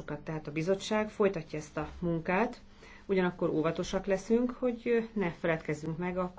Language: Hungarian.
sokat tehát a bizottság folytatja ezt a munkát, ugyanakkor óvatosak leszünk, hogy ne feledkezzünk meg a